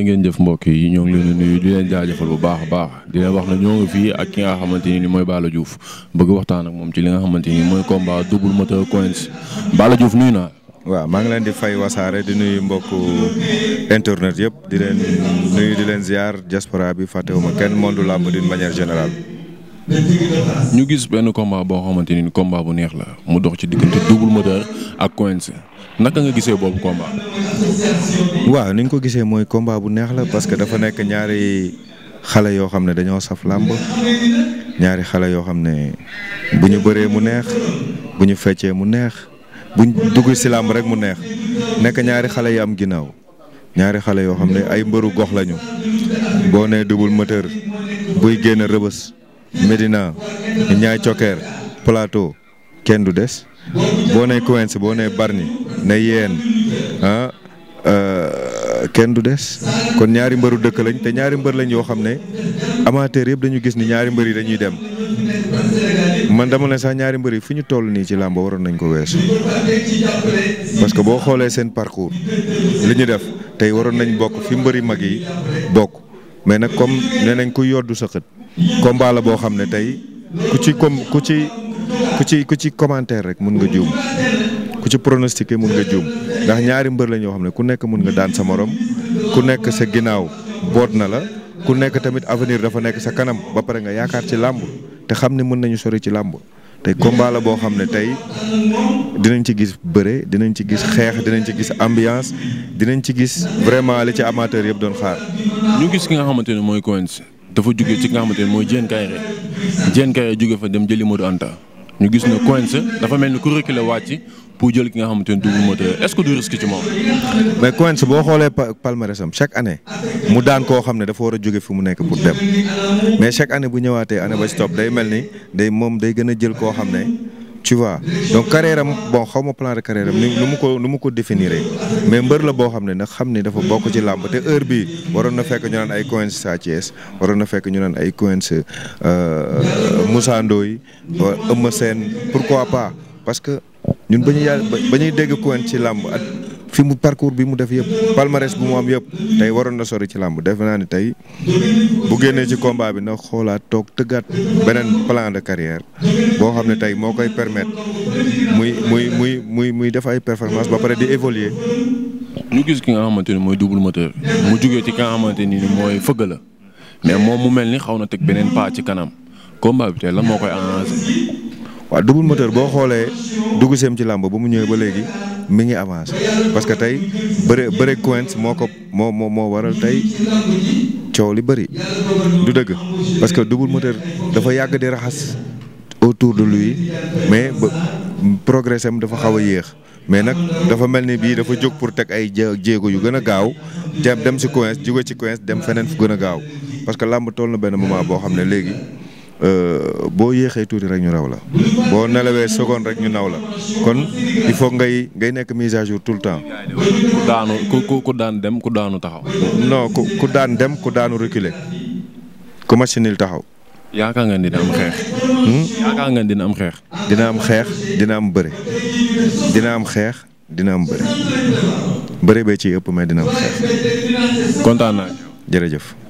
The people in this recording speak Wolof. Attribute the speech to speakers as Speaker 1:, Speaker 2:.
Speaker 1: jërë ngeen jëf mbokk yi ñoo ngi leen di nuyu di leen bu baax a baax di leen wax na ñoo ngi fii ak ki nga xamante ni mooy Balla Diouf bëgg waxtaan ak moom ci li nga xamante ni mooy combat double moteur coins Balla Diouf nuyu naa. waaw maa
Speaker 2: ngi leen di fay wasaare di nuy mbokku internet yëpp di leen nuyu di leen ziar diaspora bi fàttewuma
Speaker 1: kenn monde làmb d'une manière générale. ñu gis benn combat boo xamante ni combat bu neex la mu dox ci diggante double moteur. ak Quench naka nga gisee boobu komba waaw ni ñu ko gisee mooy combat bu neex la parce que dafa nekk ñaari
Speaker 2: xale yoo xam ne dañoo saf làmb ñaari xale yoo xam ne bu ñu bëree mu neex bu ñu feccee mu neex buñ dugg si làmb rek mu neex nekk ñaari xale yi am ginnaaw ñaari xale yoo xam ne ay mbëru gox lañu boo nee double moteur buy génn rëbës Médina ñaay cokkeer plateau kenn du des boo nee Coence boo nee Bargny ne yéen ah euh, kenn du des kon ñaari mbëru dëkk lañ te ñaari mbër lañ yoo xam ne amateur yëpp dañu gis ni ñaari mbër yi dañuy dem man dama ne sax ñaari mbër yi fi ñu toll nii ci làmb waroon nañ ko weesu. parce que boo xoolee seen parcours li ñu def tey waroon nañ bokk fi mbëri mag yi bokk mais nag comme nee nañ ku yoddu sa xët combat la boo xam ne tey ku ci comme ku ci. ku ci ku ci commentaire rek mun nga juum ku ci pronostiqué mun nga juum ndax ñaari mbër la ñoo xam ne ku nekk mun nga daan sa morom ku nekk sa ginnaaw boot na la ku nekk tamit avenir dafa nekk sa kanam ba pare nga yaakaar ci làmb te xam ne mën nañu sori ci làmb te combat boo xam ne tey dinañ ci gis bëre dinañ ci gis xeex dinañ ci gis ambiance
Speaker 1: dinañ ci gis vraiment li ci amateur yëpp doon xaar. ñu gis ki nga xamante ne mooy Quench dafa jóge ci nga xamante mooy Diène Kaïré Diène fa dem jëli Modou Anta. ñu gis ne Quench dafa mel ni ku reculer wàcc pour jël ki nga xamante ni double moteur est-ce que du risque ci moom.
Speaker 2: mais Quench boo xoolee palmarèsam chaque année
Speaker 1: mu daan koo xam ne dafa war a jóge fu mu nekk pour
Speaker 2: dem mais chaque année bu ñëwaatee année ba ci day mel ni day moom day gën a jël koo xam ne. tu vois donc carrière am bon xaw ma plan de carrière am nu mu ko nu mu ko définir mais mbër la boo xam ne nag xam ne dafa bokk ci làmb te heure bi waroon na fekk ñu naan ay Coins Sa Thiès na fekk ñu naan ay Coins euh, Moussa Ndoye seen Sène pourquoi pas parce que ñun ba ñuy yàlla ba ñuy dégg Coins ci làmb at fi mu parcours bi mu def yëpp palmarès bu mu am yëpp tey waroon na sori ci làmb def naa ni tey bu génnee ci combat bi na xoolaat toog tëggaat beneen plan de carrière boo xam ne tey moo koy permettre muy muy muy muy muy def ay performance ba pare di évoluer.
Speaker 1: ñu gis ki nga xamante ni mooy double moteur mu jugee ci ki nga xamante ni mooy fëgg la mais moom mu mel ni xaw na teg beneen pas ci kanam combat bi tey lan moo koy arrangé. waa double
Speaker 2: moteur boo xoolee dugg seem ci làmb ba mu ñëwee ba léegi mi ngi avancé parce que tey bëre bëre coins moo ko moo moo moo waral tey coow li bëri du dëgg parce que double moteur dafa yàgg di raxas autour de lui mais ba progressem dafa xaw a yéex mais nag dafa mel ni bii dafa jóg pour teg ay jéego yu gën a gaaw dem ci coins jóge ci coins dem feneen fu gën a gaaw parce que làmb toll na benn moment boo xam ne léegi. Euh, boo yéexee tuuti rek ñu raw la boo nelawee seconde rek ñu naw la kon il faut ngay ngay nekk mise à jour tout le temps. ku
Speaker 1: daanu ku ku daan dem ku daanu taxaw. non ku ku daan dem ku daanu reculer ku machinil taxaw. yaakaar nga dina xeex. Hmm? yaakaar dina am xeex. dina
Speaker 2: am xeex dina am bëre dina am xeex dina am bëre bëre bee ci ëpp mais dina am xeex. kontaan naa. jërëjëf.